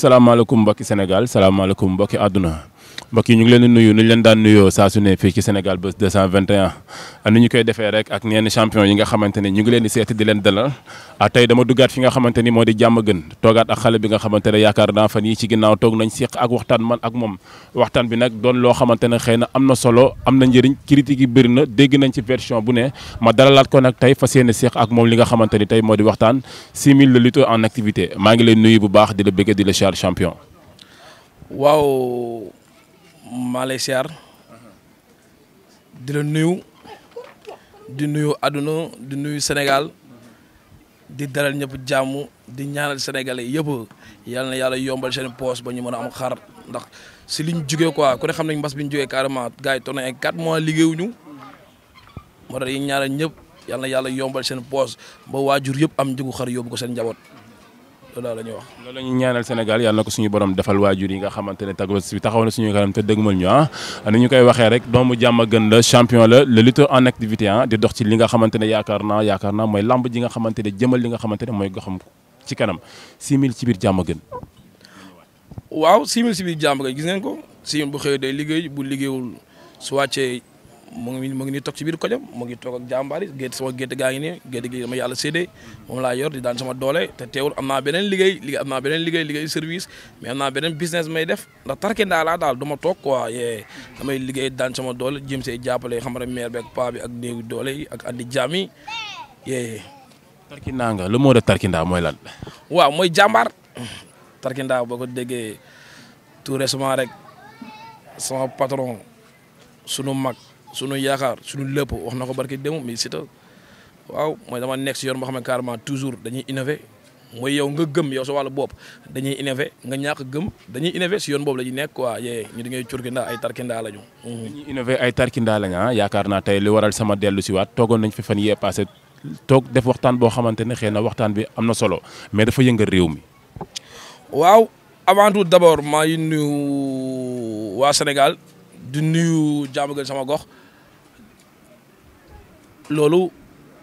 salaamaaleykum mbokki Sénégal salaamaaleykum mbokki àdduna mbokk yi ñu ngi leen di nuyu nu ñu leen daan saa su fii ci Sénégal Buzz 221 ni ñu koy defee rek ak neen champion yi nga xamante ne ñu ngi leen di seeti di leen dalal tey dama duggaat fi nga xamante ni moo di jàmm gën toogaat ak xale bi nga xamante ne yaakaar naa fan yi ci ginnaaw toog nañ seq ak waxtaan man ak moom waxtaan bi nag doon loo xamante ne xëy na am na solo am na njariñ critique yi bëri na dégg nañ ci version bu ne ma dalalaat ko nag tey fa yéene seq ak moom li nga xamante ni tey moo di waxtaan 6000 le en activité maa ngi leen nuyu bu baax di la bëgg di la char champion waaw maa lay di la nuyu di nuyu àdduna di nuyu Sénégal di dalal ñëpp jàmm di ñaanal sénégalais yëpp yal na yàlla yombal seen poos ba ñu mën a am xar ndax si liñ jugee quoi ku ne xam nañ mbas bi ñu jugee carrément gars yi toog nañ ay mois liggéeyuñu moo tax yi ñaanal ñëpp yal na yàlla yombal seen poos ba waajur yëpp am njëgu xar yóbbu ko seen njaboot. loolu daal la ñuy wax. loolu la ñuy Sénégal yàlla na ko suñu borom defal waajur yi nga xamante ne taggat taxaw na suñu kanam te dëgmal ñu ah ni ñu koy waxee rek doomu jàmm gën la champion la ah, li nga xamante yaakaar naa yaakaar naa mooy lamb ji nga xamante jëmal li nga xamante mooy goxam ci kanam 6000 ci biir jàmm gën. waaw 6000 ci biir jàmm gën gis ngeen ko 6000 bu xëyee day liggéey bu liggéeyul su wàccee moo ngi mu ngi nii toog ci biir kojam mu ngi toog ak jàmbaar yi gétt sama gaa ngi nii gétt gi yàlla séddee moom laa yor di daan sama doole te teewul am naa beneen liggéey liggéey am naa beneen liggéey liggéey service mais am naa beneen business may def ndax tarke ndaa laa daal du ma toog quoi yee damay liggéey daan sama doole jëm see jàppale xam nga maire beeg paa bi ak néew doole yi ak andi jaam yi yee tarkindaa nga lu moo def tarkindaa mooy lan waaw mooy jàmbaar tarkindaa boo ko déggee tout récemment rek sama patron sunu yaakaar sunu lépp wax na ko barki démb mais Siteu waaw mooy dama nekk si yoon boo xam ne carrément toujours dañuy innover mooy yow nga gëm yow sa wàllu bopp dañuy innover nga ñàkk gëm dañuy innover si yoon boobu la ñuy nekk quoi yee ñu di ngay curkindaa ay tarkindaa lañu. Mhm. dañuy innover ay tarkindaa lañ ah yaakaar naa tey li waral sama dellu si waat toogoon nañ fi fan yee passé toog def waxtaan boo xamante ne xëy na waxtaan bi am na solo mais dafa yënga réew mi. waaw avant tout d'abord maa ngi nuyu waa Sénégal di nuyu jàmm sama gox. loolu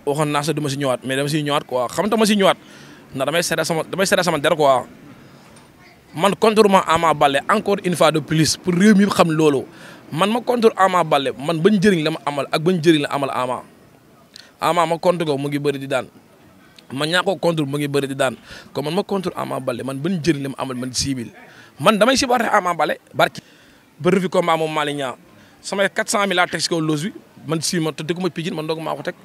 waxoon naa sax du si ñëwaat mais dama ñëwaat quoi xam nga ma si ñëwaat ndax damay seet sama damay sama der quoi man contre ma Ama Baldé encore une fois de plus pour réew mi xam loolu man ma contre Ama Baldé man bañ jëriñ la ma amal ak bañ jëriñ la amal Ama Ama ma contre mu ngi bëri di daan man ñaa ko contre mu ngi bëri di daan kon ma contre Ama Baldé man bañ jëriñ la ma amal man siibil man damay si barte Ama Baldé barki bëri fi combat moom Malick Niang samay 400000 laa teg si kaw loos bi man sii ma te dëggu ma Pikine man doog maa ko teg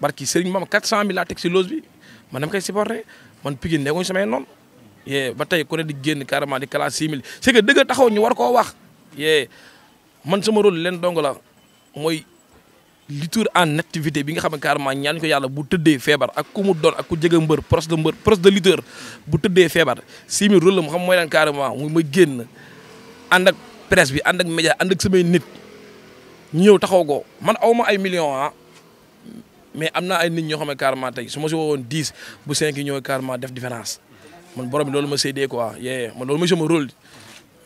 barki Serigne Mame 400000 laa teg si loose bi man dama koy supporté man Pikine nekkuñu samay noonu. yee ba tey ku ne di génn carrément di classe 6000 c'est que dëgg taxaw ñu war koo wax yee man sama rôle leen dong la mooy li en activité bi nga xam ne carrément ñaan ko yàlla bu tëddee feebar ak ku mu doon ak ku jege mbër proche de mbër proche de lutteur bu tëddee feebar 6000 rôle la xam mooy carrément mu ma génn ànd ak presse bi ànd média ànd ak nit. ñu ñëw taxaw ko man aw ay millions a ah. mais am na ay nit ñoo xam ne carrément tey su ma si woowoon dix bu cinq yi ñëw carrément def différence man borom bi loolu ma séedee quoi yee man loolu mooy sama rôle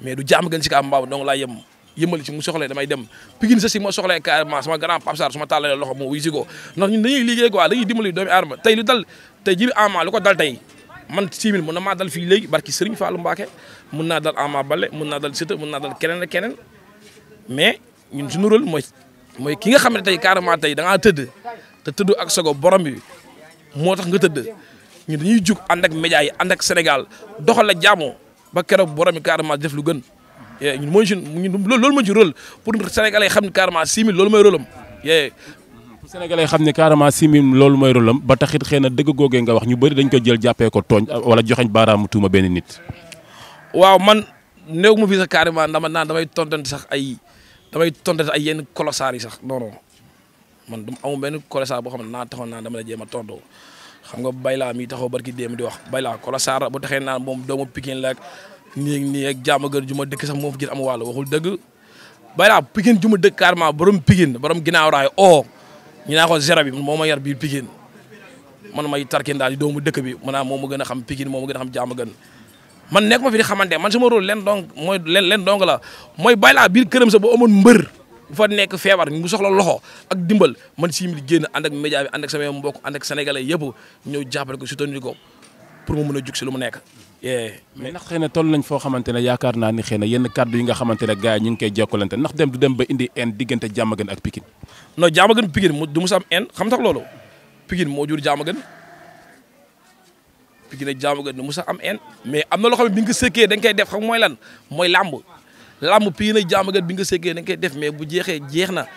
mais du jaam gën si kaa mbaaw donc laa yem yëmbal ci mu soxla damay dem ma soxla carrément sama grand Pape Sarr su ma tàllalee loxo mu wuy si ko ndax ñun dañuy liggéey quoi dañuy dimbali doomi aadama tey lu dal tey ji ama lu ko dal tey man six mille mun na maa dal fii léegi barki Serigne Fallou Mbacké mun naa dal Ama Baldé mun naa dal Siteu mun naa dal keneen ak keneen mais ñun suñu rôle mooy mooy ki nga xam ne tey carrément tey da tëdd te tëdd ak sogo borom bi moo tax nga tëdd ñun dañuy jug ànd ak média yi ànd ak Sénégal doxal la jaamoo ba keroog borom yi carrément def lu gën ñun mooy suñ ñun loolu mooy ci rôle pour Sénégalais xam ne carrément 6 loolu mooy rôle am Sénégalais xam ne carrément simim loolu mooy rôlam ba taxit xëy na dëgg googee nga wax ñu bëri dañ ko jël jàppee ko tooñ wala joxeñ baaraamu tuuma benn nit. waaw man néew ma fi sax carrément dama naan damay tontanti sax ay damay tonté ay yenn kolosaar yi sax non man du amul benn kolosaar boo xam ne naa taxoon naa dama la jéem a tontoo xam nga Bayla mi taxaw barki démb di wax Bayla kolosaar bu taxee naan moom doomu Pikine la ak nii ak gën ju ma dëkk sax moo fi jël am wàll waxul dëgg Bayla Pikine ju ma dëkk carrément borom Pikine borom ginnaaw raay oo oh, ñu naa ko zéro bi moo ma yar biir Pikine man may tarkindaa di doomu dëkk bi maanaam moom ma gën a xam Pikine moom ma gën a xam jàmm gën man nekk ma fi di xamante man sama rôle leen donc mooy leen leen donc la mooy bàyyi laa biir këram sa bu amoon mbër bu nekk feebar mu soxla loxo ak dimbal man siim di génn ànd ak média bi ànd ak samay mbokk ànd ak sénégalais yëpp ñëw jàppale ko soutenir ko pour mu mën a jug si lu mu nekk mais ndax xëy na toll nañ foo xamante ne yaakaar naa ni xëy na yenn kàddu yi nga xamante ne gars yi ñu ngi koy jokkalante ndax dem du dem ba indi en diggante Diamaguène ak Pikine non Diamaguène Pikine du mu sa am en xam tax loolu Pikine moo jur Diamaguène Pikine ak Diamaguène ne musa am en mais am na loo xam ne bi nga sëkkee da nga koy def mooy lan mooy làmb làmb Pikine ak Diamaguène bi nga sëkkee da koy def mais bu jeexee jeex na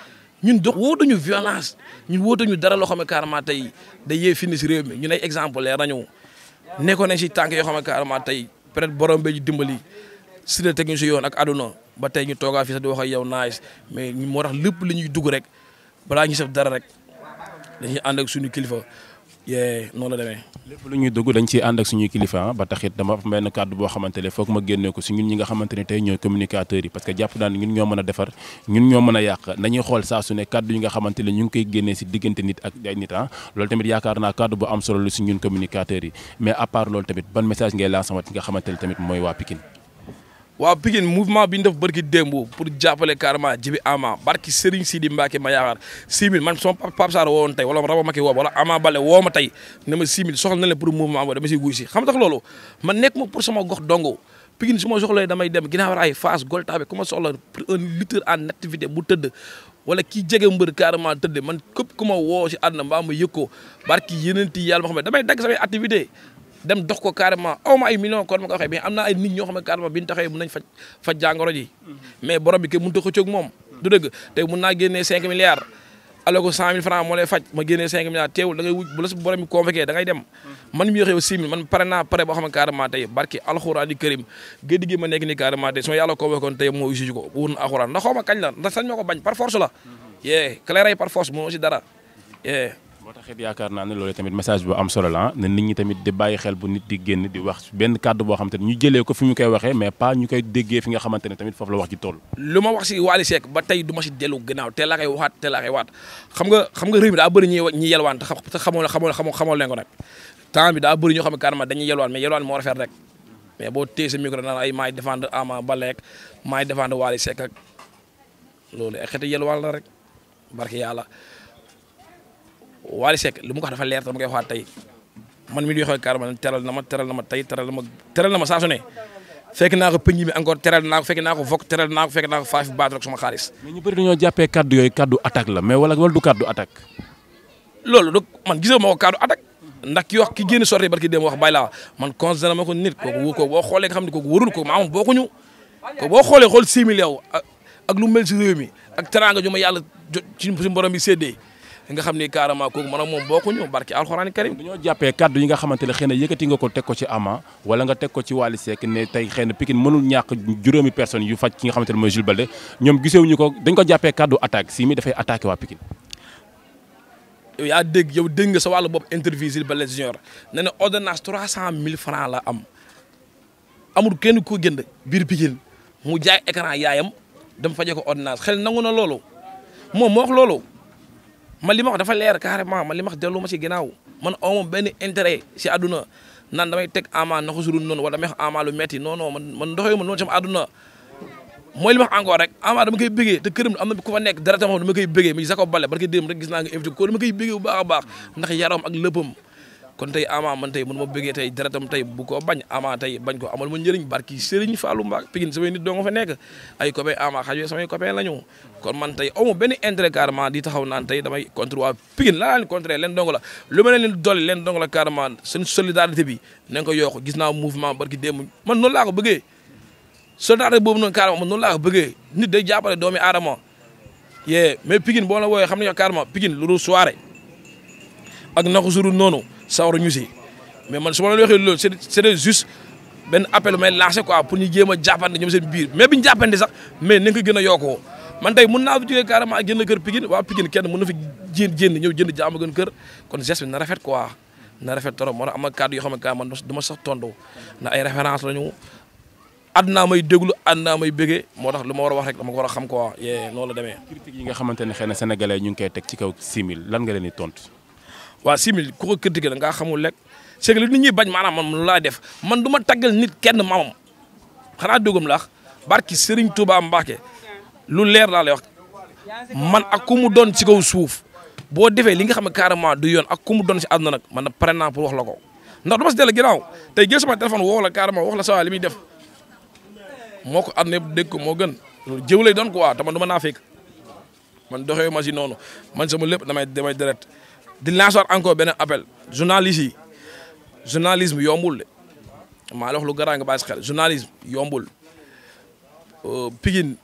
ñun dox wootuñu violence ñun wootuñu dara loo xam carrément tey day yee fini si réew mi ñun ay exemple leer nañu nekkoon nañ si tànk yoo xam ne carrément tey peut-être borom bi ñu dimbali si la teg ñu si yoon ak aduna ba tey ñu toogaa fi sax di wax ak yow naaj mais moo tax lépp li ñuy dugg rek balaa ñu def dara rek dañuy ànd suñu kilifa yee noonu la demee. lépp lu ñuy dugg dañ ci ànd ak suñuy kilifa ba taxit dama am benn kàddu boo xamante ne foog ma génnee ko si ñun ñi nga xamante ne tey ñooy communicateurs yi parce que jàpp naa ne ñun ñoo mën a defar ñun ñoo mën a yàq nañuy xool saa su ne kàddu yi nga xamante ne ñu ngi koy génnee si diggante nit ak ay nit ah loolu tamit yaakaar naa kàddu bu am solo la si ñun communicateurs yi mais à part loolu tamit ban message ngay lancer nga xamante tamit mooy waa waaw Pikine mouvement bi ñu def barki démb pour jàppale carrément Jibi Ama barki Serigne Sidi Mbacke ma yaakaar 6000 man sama Pape Sarr woowoon tey wala Raba Maki woo wala Ama Bale woo ma tey ne ma 6000 soxla na leen pour mouvement boobu dama siy guy si xam tax loolu ma nekk ma pour sama gox dongo Pikine su ma soxlawee damay dem ginnaaw raay Fass Golta bi ku ma soxla pour un bu tëdd wala kii jege mbër carrément tëdd man képp ku ma woo si àdduna mbaa ma yëg ko barki yeneen ti yàlla ma xam ne damay dagg samay activité dem dox ko carrément aw ma ay millions kon ma ko waxee naa ay nit ñoo xam ne carrément bi nañ faj faj ji. Mm-hmm. mais borom bi kenn mënut a xëccoog moom. Mm-hmm. du dëgg tey mun naa génnee 5 milliards. alors que 100000 francs moo lay faj ma génnee 5 milliards teewul da ngay wuj bu la su dem. Mm-hmm. man mi waxee 6000 man pare naa pare boo xam ne tey barki alxuraan di kërim gëdd gi ma nekk nii carrément tey su ma yàlla tey moo usiju dara yee. moo tax it yaakaar naa ne loolu tamit message bu am solo la ah, ne nit ñi tamit di bàyyi xel bu nit di ne ñu jëlee ko fi ñu koy waxee mais pas ñu koy déggee fi nga xamante ne tamit foofu la wax ci toll lu ma wax si Wally Seck ba tey du ma si dellu gannaaw te laa koy waxaat te laa koy waxaat xam nga xam nga réew mi daa bëri ñuy ñuy yelwaan moo rafet rek mais boo téye sa micro naan ay maay défendre Ama Baldé ak maay défendre Wally Seck ak ay xeeti yelwaan la rek barki yàlla Wally Seck li mu ko wax dafa leer te ma koy tey man mi di waxee kaar man teral na ma teral na ma tey teral na ma teral na ma saa su ne fekk naa ko pëñ bi encore teral naa ko fekk naa naa ko fekk baat rek sama xaalis. du kaddu loolu du man gisoo ma ko kaddu attaque ndax ki wax ki génn sorti barki dem wax bàyyi laa man considéré ko nit ko boo xoolee nga xam ne kooku warul ko maamam boo ko ñu ko boo xoolee xool 6 millions ak lu mel mi ak teraanga ju ma yàlla ci borom bi séddee nga xam ni carrément kooku man ak moom bokkuñu barki alxuraan karim dañoo jàppee kàddu yi nga xamante ne na yëkkati nga ko teg ko ci Ama wala nga teg ko ci Wally Seck ne tey xëy na Pikine mënul ñàkk juróomi personne yu faj ki nga xamante ne mooy Jules Baldé ñoom gisewuñu ko dañ ko jàppee kàddu attaque si mi dafay attaqué waa Pikine yow yaa dégg yow dégg nga sa wàllu bopp interview Jules Baldé Junior ne ne ordonnance trois cent mille francs la am amul kenn koo jënd biir Pikine mu jaay écran yaayam dem faje ko ordonnance xel nangu na loolu moo wax loolu man li ma dafa leer carrément man li ma wax dellu ma si ginnaaw man aw ma benn intérêt si àdduna naan damay teg ama na ko su wala damay wax ama lu metti non non man man doxee ma noonu sama àdduna wax encore rek ama dama koy bëggee te këram am na ku fa nekk dara tam dama koy bëggee mi Jacob Bale barki démb rek gis naa nga invité ko dama koy bëggee bu baax a baax ndax ak lëppam kon tey Ama man tey mun ma bëggee tey deretam tey bu ko bañ Ama tey bañ ko amal ma njëriñ barki Serigne Fallou Mbacké Pikine samay nit doo nga fa nekk ay copain Ama xajoo samay copain la kon man tey amu benn intérêt carrément di taxaw naan tey damay contre waa Pikine la leen contre leen dong la lu ma leen dolli leen dong la carrément seen solidarité bi nañ ko yokk gis naa mouvement barki démb man noonu laa ko bëggee boobu na carrément man noonu laa ko bëggee nit day jàppale doomi aadama yee mais Pikine boo la wooyee xam ne carrément Pikine lu dul ak naka su noonu sawar ñu si mais man su ma leen waxee loolu c'est c'est juste benn appel may lancé quoi pour ñu jéem a jàppante ñoom seen biir mais bi ñu jàppante sax mais nañ ko gën a yokkoo man tey mën naa bu jógee carrément jënd kër Pikine waa kenn mën na fi jéen jénn ñëw jënd jaama gën kër kon geste bi na rafet quoi na rafet trop moo tax am na kàddu yoo xam ne ka man du ma sax tontu ndax ay référence lañu àdduna may déglu àdduna may bëggee moo tax lu ma war a wax rek dama ko war a xam quoi yee noonu la demee critique yi nga xamante ne xëy na sénégalais ñu ngi koy teg ci kaw simil lan nga leen tontu waa simili ku ko critiqué da ngaa xamul lekk c'est que li nit ñuy bañ maanaam man lu laa def man duma ma nit kenn mamam xanaa déggoom laax barki Serigne Touba Mbacke lu leer laa lay wax man ak ku mu doon ci kaw suuf boo defee li xam ne carrément du yoon ak ku mu doon si àdduna nag man pare naa pour wax la ko ndax du ma si dellu ginnaaw tey jël sama téléphone woo la carrément wax la sa li muy def moo ko àdduna yëpp dégg ko moo gën loolu jëw lay doon quoi te man du naa fek man doxee ma si noonu man sama lépp damay damay deret di lancer encore beneen appel journaliste yi journalisme yombul de maa la wax lu garaan nga bàyyi yombul euh, Pikine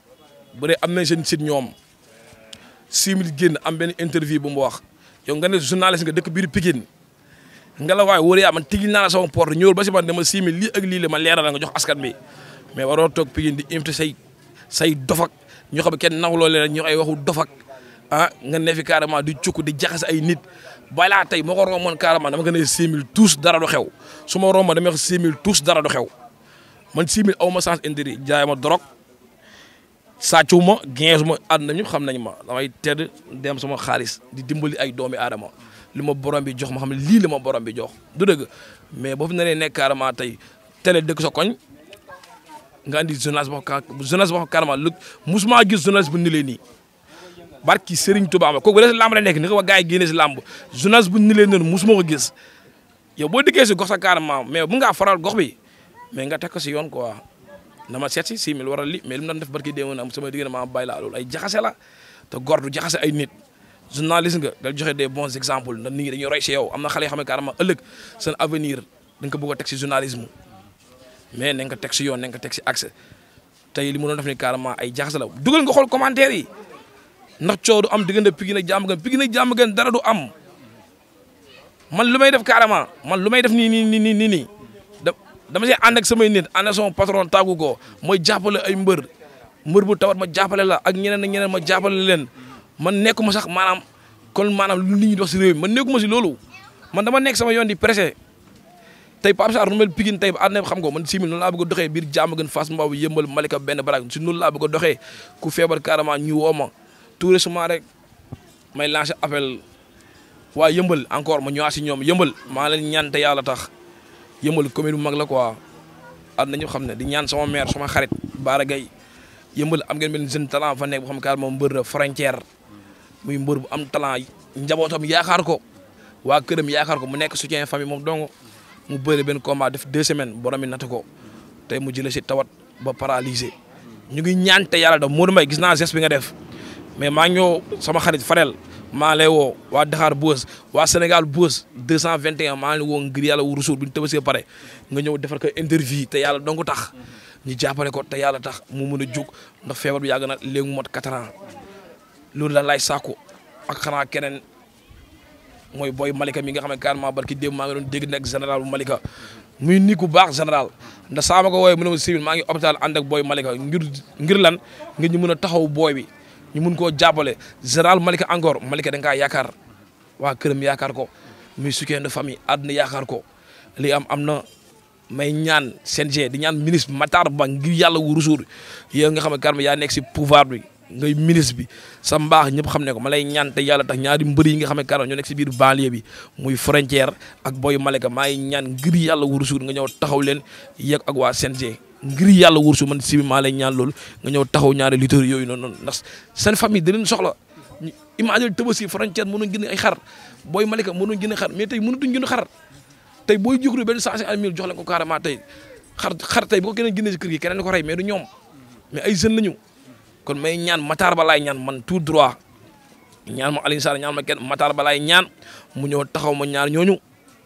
bu am na seen site ñoom six minutes génn am benn interview bu mu wax yow nga ne journaliste nga dëkk biir Pikine nga la waaye wóoree man tigi naa la sama porte ñëwul ba si man dama six minutes lii ak lii la ma leeral nga jox askan bi mais waroo toog Pikine di invité say say dofak ñu xam kenn naxuloo leen ñu ay waxu dofak ah nga ne fi carrément di cukk di jaxase ay nit balaa tey moo ko romboon carrément dama ko ne 6000 tous dara du xew su ma romboon dama wax 6000 tous dara du xew man 6000 aw ma sens indiri jaay ma dorog sàccuw ma géej ma àdduna ñëpp xam nañ ma damay tedd dem sama xaalis di dimbali ay doomi aadama li ma borom bi jox ma xam ne lii la ma borom bi jox du dëgg mais boo fi naree nekk carrément tey télé dëkk sa koñ nga andi jeunesse boo xam jeunesse boo xam carrément lu musuma gis jeunesse bu ni lee nii. barki Serigne Touba ma kooku ba léegi si làmb nekk ni ko wax gars yi génnee si làmb journaliste bu ñu leen noonu mosuma ko gis yow boo dikkee si gox sa carrément mais bu ngaa faral gox bi mais nga teg ko si yoon quoi na ma seet si six mille waral li mais li mu doon def barki démb na am sama diggante maa bàyyi laa loolu ay jaxase la te góor du jaxase ay nit journaliste nga dal joxe des bons exemple ndax nit ñi dañuy roy si yow am na xale yoo xam ne carrément ëllëg seen avenir dañ ko bëgg teg si journalisme mais nañ ko teg si yoon nañ ko teg si accès tey li mu doon def ni carrément ay jaxase la dugal nga xool commentaire yi ndax coow du am diggante Pikine ak Diamaguène Pikine ak Diamaguène dara du am man lu may def carrément man lu may def nii nii nii nii nii da dama see ànd ak samay nit ànd ak sama patron tàggu ko mooy jàppale ay mbër mbër bu tawat ma jàppale la ak ñeneen ak ñeneen ma jàppale leen man nekkuma sax maanaam kon maanaam lu nit ñi si réew mi man nekkuma si loolu man dama nekk sama yoon di pressé tey Pape Sarr nu mel Pikine tey àdduna xam ko man simi noonu laa bëgg a doxee biir Diamaguène Fass Mbao yëmbal Malika benn barak si noonu laa bëgg a doxee ku feebar carrément ñu woo ma tout récemment rek may lancer appel waaye yëmbal encore ma ñëwaat si ñoom yëmbal maa leen ñaan te yàlla tax yëmbal commune bu mag la quoi at nañu xam ne di ñaan sama maire sama xarit Bara Gaye yëmbal am ngeen benn jeune talent fa nekk boo xam ne kaar moom mbër la muy mbër bu am talent njabootam yaakaar ko waa këram yaakaar ko mu nekk soutien famille moom dong mu bëri benn combat def deux semaines borom mi natt ko tey mu jëlee si tawat ba paralysé ñu ngi ñaan te yàlla da Modou gis naa geste bi nga def mais maa ngi ñëw sama xarit Farel maa lay woo waa Dakar Buzz waa Sénégal Buzz 221 maa ngi woo ngir yàlla wu rusul bi ñu tëbasee pare nga ñëw defar ko interview te yàlla dong tax ñu jàppale ko te yàlla tax mu mën a jug ndax feebar bi yàgg na léegi mu mot 4 loolu la lay sàkku ak xanaa keneen mooy booy Malika mi nga xam ne carrément barki démb maa ngi doon dégg nekk général Malika muy nit ku baax général ndax saa ma ko wooy mu ne ma Symbiose maa ngi hôpital ànd ak booy Malika ngir ngir lan nga ñu mën a taxaw booy bi. ñu mun koo jàppale général Malika encore Malika da nga yaakaar waa këram yaakaar ko muy soutien de famille àdduna yaakaar ko li am am na may ñaan CNG di ñaan ministre Matar Ba ngir yàlla wu rusuur yow nga xam ne yaa nekk si pouvoir bi ngay ministre bi sa mbaax ñëpp xam ne ko ma lay ñaan te yàlla tax ñaari mbër yi nga xam ne Karma ñoo nekk si biir banlieue bi muy frontière ak boy Malika may ñaan ngir yàlla wu rusuur nga ñëw taxaw leen yegg ak waa CNG. ngir yàlla wursu man si bi maa ñaan loolu nga ñëw taxaw ñaari lutteurs yooyu noonu ndax seen famille da leen soxla imagine Tabaski frontière mënoon gën ay xar booy Malika mënoon gën xar mais tey mënatuñ gën xar tey booy jukru benn cent cinquante mille jox leen ko carrément tey xar xar tey bu ko keneen kër gi keneen ko rey mais du mais ay jeunes la ñu kon may ñaan Matar Ba laay ñaan man tout droit ñaan ma Alioune Sarr ñaan ma kenn Matar Ba ñaan mu ñëw taxaw ma ñaar ñooñu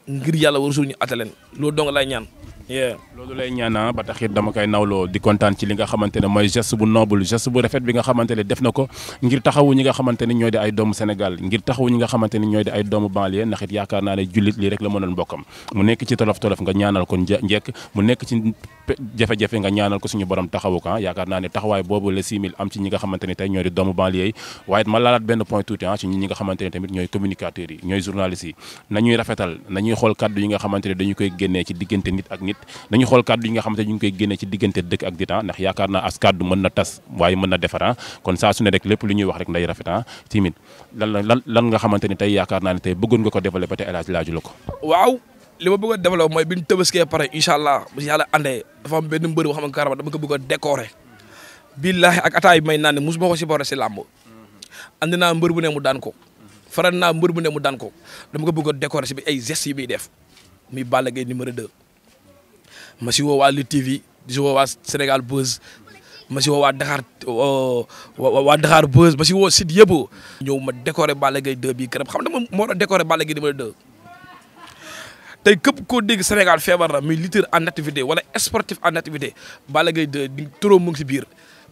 ngir yàlla wursu ñu attaleen loolu dong laay ñaan loolu lay ñaana ah, ba taxit dama koy nawloo di kontaan ci li nga xamante ne mooy geste bu noble geste bu rafet bi nga xamante ne def na ko ngir taxawu ñi nga xamante ni ñooy di ay doomu Sénégal ngir taxawu ñi nga xamante ni ñooy di ay yaakaar naa ne jullit lii rek la mënoon bokkam mu nga ñaanal ko njekk mu nekk ci jafe-jafe nga ñaanal ko suñu borom taxawu ko ah. yaakaar nga xamante ni tey ñooy di doomu waaye ma laalaat benn point tuuti ah nga xamante ni tamit ñooy communicateurs yi ñooy journalistes yi nañuy rafetal nañuy xool kaddu yi nga xamante ne dañu koy génnee ci diggante nit ak nit tamit xool kàddu yi nga xamante ñu ngi koy génne ci diggante dëkk ak ditan ndax yaakaar naa as kàddu mën na tas waaye mën na defar ah. kon saa su ne rek lépp lu ñuy wax rek nday rafet ah. timit lan lan lan nga xamante ni tey yaakaar naa ne tey bëggoon nga ko développé te El la ko waaw li ma bëgg a développé mooy bi ñu tëbaskee pare incha allah bu si yàlla andee dafa am benn mbër boo xam ne karama dama a décorer may naan ne musuma ko supporté si làmb andi naa mbër bu ne mu daan ko faral naa mbër bu ne mu daan ko dama ko bëgg a si bi ay gestes yi muy def muy Balla Gaye numéro 2 ma si woo waa Lutte TV di si woo waa Sénégal Buzz ma si woo waa Dakar waa Dakar Buzz ma si woo site yëpp. ñëw ma décorer Balla Gaye 2 xam na moom moo doon décorer Balla Gaye 2 tey képp koo dégg Sénégal feebar na muy lutteur wala sportif en activité Balla Gaye mu ngi si biir.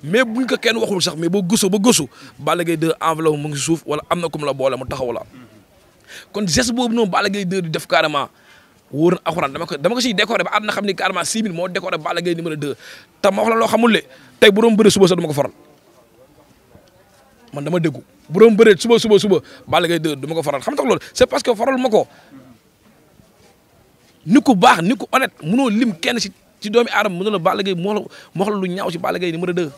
mais buñ kenn waxul sax mais boo gëstu ba gëstu Balla Gaye 2 enveloppe mu ngi suuf wala am na ku mu la boole mu taxaw la kon geste boobu noonu Balla Gaye 2 di def carrément. wóor a alxuraan dama ko dama ko si décoré ba àdduna xam ni carrément 6 000 moo décoré Balla Gaye numéro 2 te ma wax la loo xamul le tey bu doon bëre suba sax du ko faral dama déggu bu doon suba suba suba Balla Gaye 2 du ko faral xam tax lool c'est parce que faral ma ko ni ku baax ni ku honnête mënoo lim kenn si ci doomi aadama mënoo la Balla Gaye moo la wax lu ñaaw si ni Gaye numéro 2.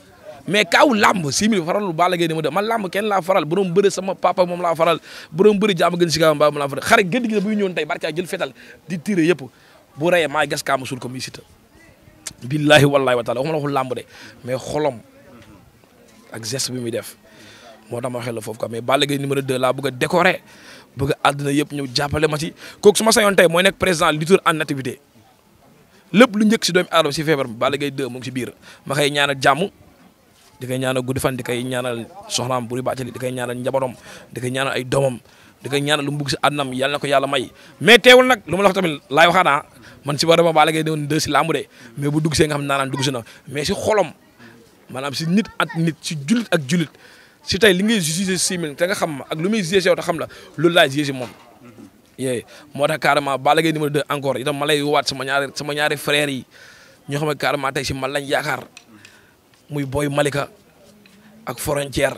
mais kaaw làmb simili faralu Balla Gaye numéro 2 man làmb kenn laa faral borom bëri sama laa faral borom bëri jàmm gën si kaw moom laa faral xare gëdd gi bu ñu ñëwoon tey gas kaama suul ko muy Siteu billaahi wallaahi wa taala waxuma la waxul làmb de mais xolom ak geste bi muy def moo tax ma waxee la foofu quoi mais Balla Gaye numéro 2 laa bëgg a décorer bëgg a yëpp ñëw jàppale ma ci kooku su ma sañoon tey mooy nekk président lutteur en activité lépp lu njëkk si doomu aadama si feebar bi Balla Gaye 2 mu ngi si biir ma koy ñaana jàmm di koy ñaanal guddi fan di koy ñaanal soxnaam buri bàccali di koy ñaanal njaborom di koy ñaanal ay doomam di koy ñaanal lu mu bugg si àddunam yàlla na ko yàlla may mais teewul nag lu ma la wax tamit laay waxaana ah, man si war dama Balla mais bu dugg see nga xam naanaan mais si xolom maanaam si nit ak nit si julit ak julit si tey li ngay jugé si mil te nga xam ma ak lu muy jugé yow te xam la loolu laa jugé moom yee moo tax carrément Balla Gaye numéro 2 encore itam ma lay waat sama ñaari sama ñaari frères yi ñoo xam ne carrément tey si man lañ yaakaar muy booy Malika ak frontière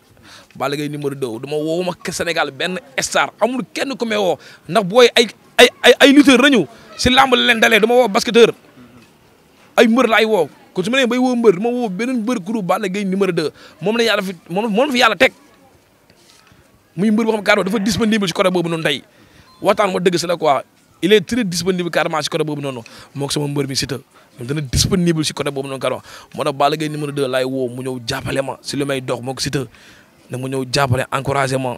Balla Gaye numéro 2 dama woowuma Sénégal benn star amul kenn ku may woo ndax booy ay ay ay ay lutteur la ñu si làmb la leen dalee dama woo basketteur ay mbër la ay woo kon su ma nee bay woo mbër dama woo beneen mbër groupe Balla Gaye numéro 2 moom la yàlla fi moom moom la fi yàlla teg muy mbër boo xam ne dafa disponible si côté boobu noonu tey waxtaan ma dëgg la quoi. il e très disponible carrément si côté boobu noonu moo ko sama mbër mi Siteu dana disponible si côté boobu noonu carrément moo may dox na mu ñëw jàppale encouragé ma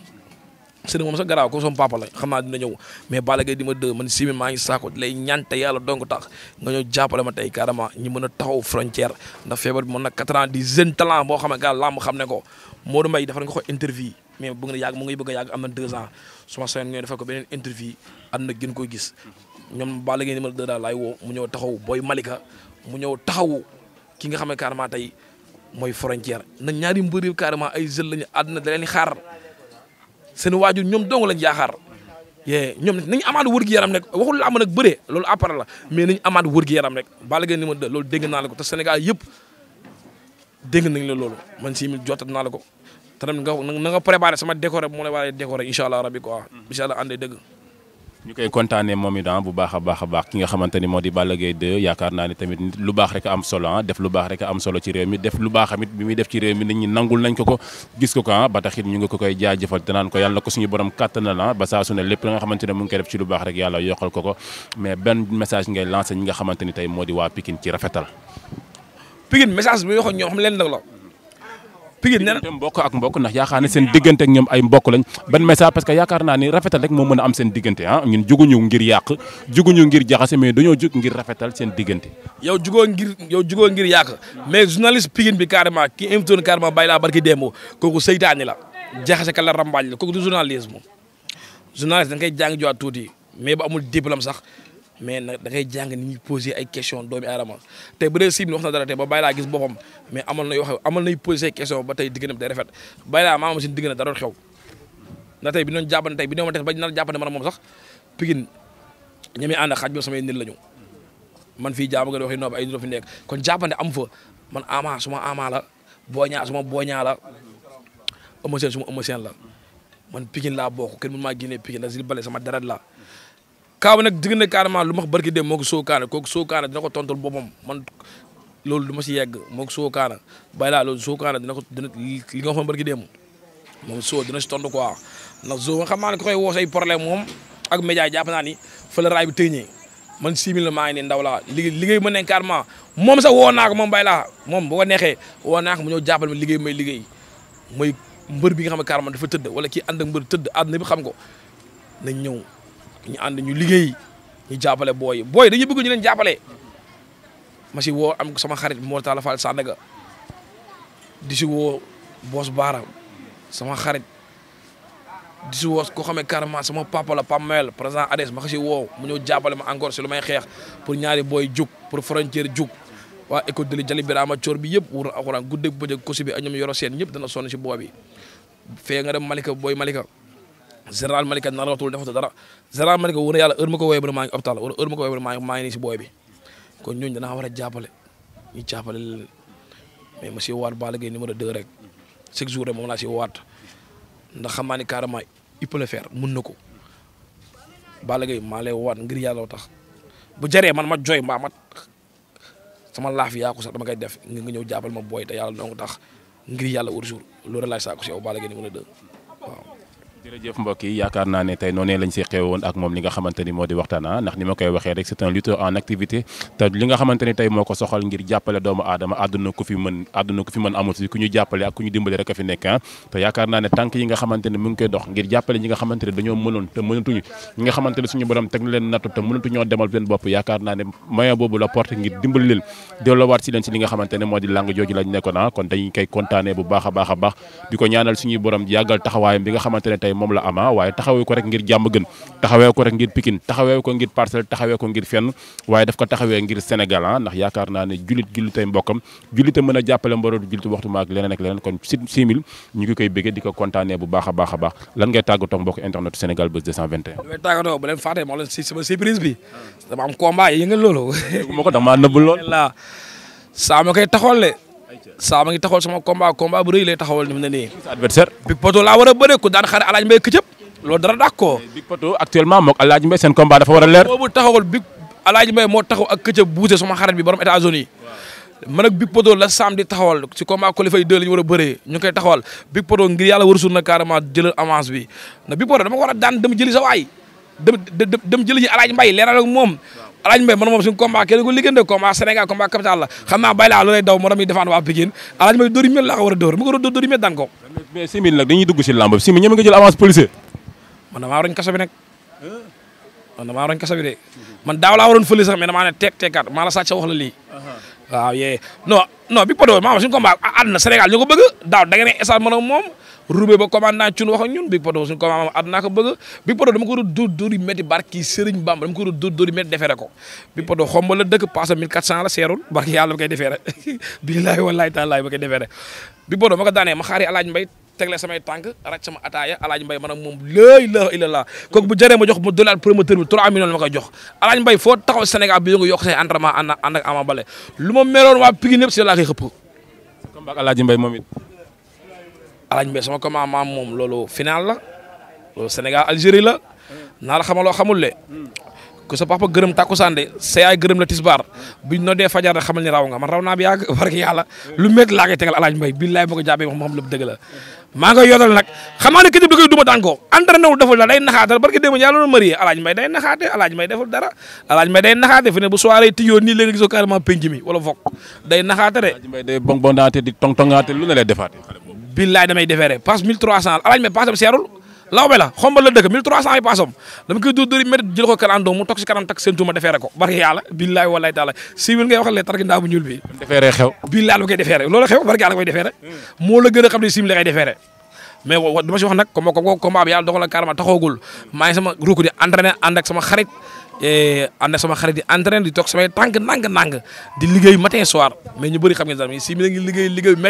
Siteu moom sax xam naa dina ñëw mais Balla Gaye man simi maa ngi saako lay ñaan te yàlla dong tax nga ñëw jàppale ma tey carrément ñi mën a taxaw frontière ndax feebar bi mën na quatre di jeune talent boo xam ne gaa làmb xam ne ko Modou Mbaye defar nga ko interview mais bu nga moo mu ngi bëgg a yàgg am na deux ans su ma seen ñooy defal ko beneen interview am na gën koy gis ñoom Balla Gaye numéro 2 daal laay woo mu ñëw taxaw booy Malika mu ñëw taxaw ki nga xam ne carrément tey mooy frontière na ñaari mbër yi carrément ay jeunes lañu àdduna da leen xaar seen waajur ñoom dong lañ yaakaar yee ñoom nañu amaat wërgu yaram rek waxul la am nag bëree loolu après la mais nañu amaat wërgu yaram rek Balla Gaye numéro 2 loolu dégg naa la ko te Sénégal yëpp dégg nañ la loolu man si mi jotat naa la ko te tamit nga na nga préparé sama décoré bu ma la waaye décoré ñu koy kontaanee moom it ah bu baax a baax a baax ki nga xamante ni moo di Balla Gaye 2 yaakaar naa ne tamit lu baax rek am solo ah def lu baax rek am solo ci réew mi def lu baax amit bi muy def ci réew mi nit ñi nangul nañ ko ko gis ko ko ah ba ñu ngi ko koy jaajëfal te naan ko yalla ko suñu borom kàttanal ah ba saa su ne lépp la nga xamante ne mu ngi koy def ci lu baax rek yàlla yokkal ko ko mais benn message ngay lancé nga xamante ni tey moo di waa Pikine ci rafetal. Pikine message bi nga xam ñoo xam Pikine nee mbokk ak mbokk ndax yaakaar ne seen diggante ak ñoom ay mbokk lañ ban message parce que yaakaar naa ni rafetal rek moo mën a am seen diggante ah ñun juguñu ngir yàq juguñu ngir jaxase mais dañoo jug ngir rafetal seen diggante yow jugoo ngir yow jugoo ngir yàq mais journaliste Pikine bi carrément ki invité woon carrément bàyyi laa barki démb kooku seytaane la jaxase ka la rambaaj la kooku du journalisme moom journaliste da nga koy jàng jiwaat tuuti mais ba amul diplôme sax mais nag da ngay jàng ni ñuy poser ay question doomi aadama tey bu dee Siim wax na dara tey ba Bayla gis boppam mais amal na yoo xam amal nay poser tey diggante day rafet Bayla maa ma suñu diggante dara xew na tey bi na doon jàppante tey bi ñu doon ba ñu a jàppante man moom sax Pikine ñi muy ànd ak xaj bi samay nit la ñu man fii jaamu nga wax yi noob fi nekk kon jàppante am fa man ama suma amaa la booñaa suma booñaa la ëmacien suma ëmacien la man la laa bokk kenn mën maa génnee Pikine da sil bale sama deret la Kaaw nag digg na carrément lu ma wax barki dem moo ko soo kaana kooku soo kaana dina ko tontul boppam man loolu lu ma si yegg moo ko soo kaana bàyyi laa loolu soo kaana dina ko dina li nga waxoon barki dem moom soo dina si tontu quoi ndax soo xam naa ne ku koy woo say problème moom ak média jàpp naa ni fa la raay bi man six mille la maa ngi ne ndaw laa liggéey liggéey ma ne carrément moom sa woo naa ko moom bàyyi laa moom bu ko neexee woo naa ko mu ñëw jàppale ma liggéey may liggéey mooy mbër bi nga xam ne carrément dafa tëdd wala kii ànd ak tëdd àdduna bi xam ko nañ ñëw ñu ànd ñu liggéey ñu jàppale booy booy dañuy bëgg ñu leen jàppale ma si woo am sama xarit Mor Talla Fall Sandaga di si woo Boos Baara sama xarit di si woo ko xamee carrément sama papa la Pam Mel président ADES ma ko si woo mu ñëw jàppale ma encore si lu may xeex pour ñaari booy jug pour frontière jug waa école de li a Birama bi yëpp wur alxuraan guddeeg bëccëg kosi bi ak ñoom yoro seen ñëpp dana sonn si boo bi fee nga dem Malika booy Malika général Malika naratul defatu dara général Malika wóor na yàlla heure ma ko woowee ba ne maa ngi hôpital wala heure ba ne maa ngi nii booy bi kon ñooñu danaa war a jàppale ñu jàppale leen mais ma siy waat Balla moom laa siy waat ndax xam naa ne mun na ko Balla Gaye maa lay waat ngir yàlla tax bu jaree man ma jooy mbaa ma sama laaf yaa sax dama koy def nga ñëw jàppal ma booy te yàlla donc tax ngir yàlla wër jour loolu laay saako si yow Balla Gaye numéro 2 jërëjëf ah, te li nga xamante ah. yi nga xamante ni mu dox ngir jàppale ñi nga xamante dañoo mënoon te mënatuñu ñi nga xamante suñu borom teg na leen nattu te mënatuñoo demal seen bopp yaakaar naa ne boobu la porte ngir dimbali leen delloowaat si leen si li nga xamante moo di làng jooju lañ nekkoon ah. kon dañu koy kontaane bu baax a baax a baax di ko ñaanal suñu borom yàggal taxawaayam bi nga xamante ne moom la ama waaye taxawee ko rek ngir jàmm gën taxawee ko rek ngir Pikine taxawee ko ngir parcelle taxawee ko ngir fenn waaye daf ko taxawee ngir Sénégal ah ndax yaakaar naa julit julitay mbokkam julita mën a jàppale mbarodu julit waxtu maak leneen ak leneen kon si simil ñu koy bëggee di ko bu baax a baax a baax lan ngay tàggatoo mbokk internet Sénégal Buzz surprise bi dama am combat yi loolu ma ko dama saa ma ngi taxawal sama combat combat bu rëy lay taxawal ni mu ne nii. adversaire Big Pato laa war a ku daan xare alaaj mbay këcëb loolu dara dàq Big Pato actuellement alaaj mbay seen combat a këcëb buuse sama xarit bi borom États-Unis Big Pato la Sam di taxawal ci combat qualifié deux la ñu war a bëree ñu koy taxawal Big Pato ngir yàlla wërsul na carrément jëlal avance bi na Big Pato dama ko war a daan dem jëli sa waay dem jëli ji alaaj mbay leeral ak Alaaj Mbay man moom suñu combat kenn ko liggéeyante combat Sénégal combat capital la xam naa bay laa loolay daw moo tax muy défendre waa Pikine Alaaj Mbay dóor yi laa ko war a dóor mu ko war a dóor yi mel ko si lamb Simine nga jël avance policier man damaa roñ kaso bi nag man damaa roñ kaso bi de man daaw maa la sàcc wax la lii uh-huh. waaw yee non non bi Podo maanaam suñu combat àdduna Sénégal ñu ko bëgg daaw da nga ne a moom roubé ba commandant cun wax ak ñun Big Pato suñu commandant àdduna ko bëgg Big Pato dama ko doon dóor dóor yu métti barki Serigne Bamba dama ko doon dóor dóor yu métti defeere ko Big Pato xomba la dëkk passe 1400 la seerul barki yàlla ba koy defeere billahi wallahi taalaay ba koy defeere Big Pato ma ko daanee ma xaari Alaaji Mbay tegle samay tànk raj sama ataaya Alaaji Mbay man ak moom laa ilaaha illallah kooku bu jaree ma jox ma dollar promoteur bi 3 millions la ma koy jox Alaaji Mbay foo taxaw Sénégal bi yo ngi yokk say entraînement ànd ak Ama Baldé lu ma meloon waa Pikine ñëpp si laa koy xëpp Alañ Mbaye sama commande maam moom loolu final la loolu Sénégal Algérie la naa la xamaloo xamul le ku sa papa gërëm takkusaan de sa yaay gërëm la tisbaar buñ noddee fajar rek xamal ni raw nga man raw naa bi yàgg barki yàlla lu métti laa koy tegal Alañ Mbaye billaay ma ko jàppee wax ma xam lépp dëgg la maa nga yoodal nag xamaa ne kitib da koy duma daan ko entraîné wul deful la day naxaatal barki démb yàlla loolu marié Alañ Mbaye day naxaate Alañ bu soirée tiyoon nii léegi gisoo carrément penc wala fokk day naxaate de tongtongaate lu ne lay defaate billaay damay defeere passe 1300 alaaj mais passe seerul lawbe la xombal la dëkk 1300 ay passe am dama koy dóor dóori mét ko kalandoo mu toog si kanam tak defeere ko barke yàlla billaay walaay taala siwil ngay waxal lee tarki ndaa bu ñuul bi defeere xew billaay la koy defeere defeere moo la gën a xam ne sim la koy defeere mais dama si wax nag comme comme combat bi yàlla dogal na Eh, ànd sama xarit di entraîné di toog nang nang di liggéey matin soir mais ñu bëri xam ngeen sax mais si ngi liggéey liggéey bu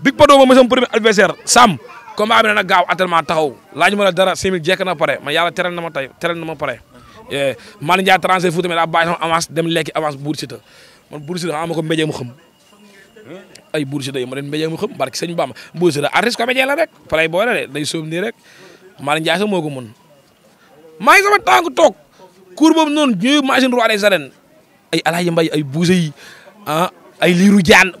big Pato moom mooy premier adversaire Sam combat bi nag gaaw actuellement taxaw laaj ma la dara simil jekk na pare man yàlla teral na ma tey teral na ma pare eh, Malick Ndiaye transfert Fouta daa bàyyi sama avance dem lekki avance Bour Siteu man Bour ko mbéjee mu xam ay Bour Siteu yi ma leen mbéjee mu xam barki la rek play boy la de day cour boobu noonu ñooy machine roi des arènes ay Alaaji Mbay ay Buuse yi ah ay Liiru Jaan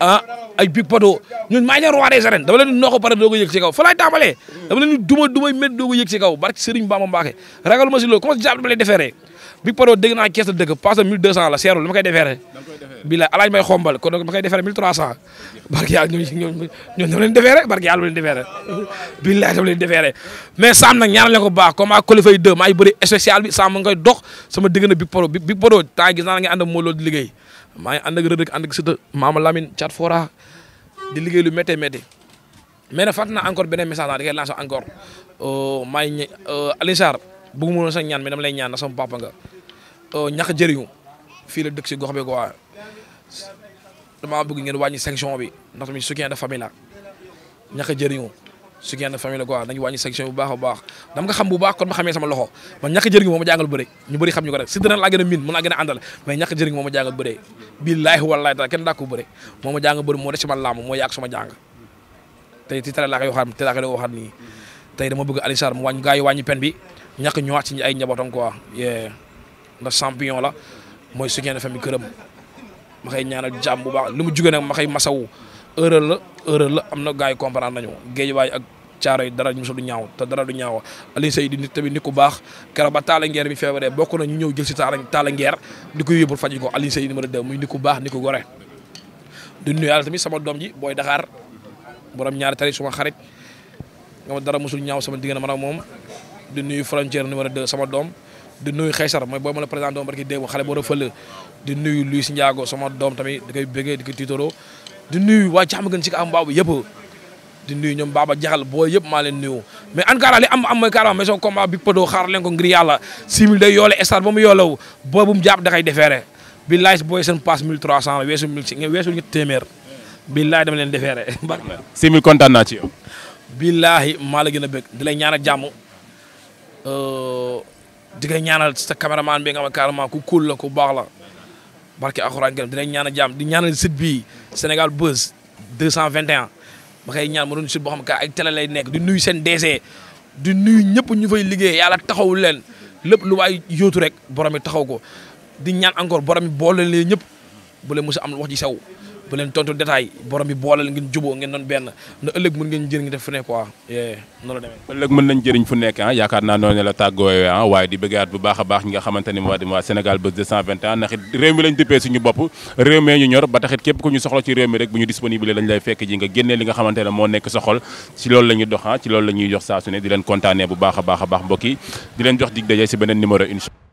ah ay Big Pato ñun machine roi des arènes dama leen di noo ko pare doo ko yëg ci kaw fa laay tàmbalee dama leen di duma dumay mét doo ko yëg ci kaw barke Sëriñ Bamba Mbàkke ragaluma si loolu comme si jàpp dama lay defee rek Big Pro dégg naa kees la dëgg passe 1200 la seerul li ma koy defeere bi la alaaj may xombal kon ma koy defeere 1300 barki yàlla ñooñu ñooñu ñooñu dama leen defeere barki yàlla leen defeere billahi dama leen defeere mais Sam nag ñaanal leen ko baax comme ak Colifay 2 maa ngi bëri spécial bi Sam ma ngay dox sama digg na Big Pro bi Big Pro temps gis naa la nga ànd ak moo loolu di liggéey maa ngi ànd ak Reug Reug ànd ak Siteu Mama Lamine Thiat Fora di liggéey lu méttee méttee mais nag fàttali naa encore beneen message da ngay lancer encore euh, maa ngi euh, Alioune Sarr bëgguma woon sax ñaan mais dama lay ñaan na sama papa nga euh, ñax jëriñu fii la dëkk si gox bi quoi damaa bëgg ngeen wàññi sanction bi ndax tamit soutien de famille la ñax jëriñu soutien de famille la quoi nañu wàññi sanction bu baax a baax dama nga xam bu baax ma xamee sama loxo man ñax ñu bëri xam ñu ko rek si dana laa gën a miin mën naa gën a àndal mais ñax jëriñu ma jàngal bëre billaahi wallaahi taala laa koy waxaat te laa koy waxaat nii tey dama bëgg Alioune Sarr mu wàññi gaa yi pen bi ñàkk ñëwaat ci ay njabootam quoi ndax champion la mooy soutien de famille këram ma koy ñaanal jàmm bu baax lu mu jugee nag ma koy masawu erreur la erreur la am na gars yi comprendre nañu géejuwaay ak caaro yi dara mosul du ñaaw te dara du ñaaw Alioune Seye tamit nit ku baax keroog ba taalangeer bi feebaree bokk na ñëw jël si taalangeer di ko yóbbul faj ko Alioune Seye numéro 2 muy nit ku baax nit ku gore du nuyu yàlla tamit sama doom ji booy Dakar borom ñaari tari suma xarit nga ma dara mosul ñaaw sama diggante man ak moom di nuyu frontière numéro 2 sama doom di nuyu xeysar mooy booy ma la présenté woon barki démb xale boo doon fële di nuyu Luis Ndiago sama doom tamit di koy bëggee di ko tiitaroo di nuyu waa jàmm gën si ka am mbaabu di nuyu ñoom Baba Jaxal booy yëpp maa leen nuyu mais Ankara li am am mooy carrément mais son combat bi Podo xaar leen ko ngir yàlla simil day yoole star ba mu yoolaw booy bu mu jàpp da koy defeere billaay booy seen passe la weesu mille nga weesul ñetti téeméer billaay dama leen defeere simil kontaan naa ci a a Euh, di nga ñaanal sa caméraman bi nga xam ne carrément ku cool la ku baax la barke alxuraan gërëm dinañ ñaanal jàmm di ñaanal site bii Sénégal Buzz 221 ba koy ñaan ma doon site boo xam ne ay télé lay nekk di nuyu seen DG di nuyu ñëpp ñu fay liggéey yàlla taxawul leen lépp lu waay yóotu rek borom mi taxaw ko di ñaan encore borom mi boole leen ñëpp bu leen mos am wax ji sew. bu leen tontu détail borom bi booleel ngeen juboo ngeen doon benn na ëllëg mën ngeen jëriñ fu ne nekk ah yaakaar naa noonu la tàggooyee ah, waaye di bëggaat bu baax a baax nga xamante ni waa di waa Sénégal Buzz 221 ndax it réew mi lañ dëppee suñu bopp réew mee ñu ñor ba taxit képp ku ñu soxla ci réew mi rek bu ñu disponible lañ lay fekk ji nga génnee li nga xamante moo nekk sa xol ci loolu la ñuy dox ah ci loolu la ñuy jox di leen kontaanee bu a a baax mbokk yi di leen jox dig